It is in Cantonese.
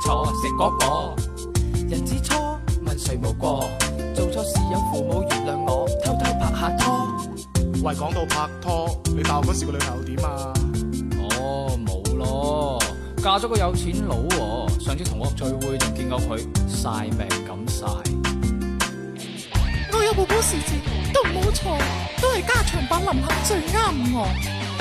錯，食果果。日子錯，問誰無過？做錯事有父母原諒我，偷偷拍下拖。喂，講到拍拖，你大學嗰時個女朋友點啊？哦，冇咯，嫁咗個有錢佬，哦。上次同學聚會仲見過佢晒命咁晒。我有部保時捷都冇錯，都係加長版林肯最啱我。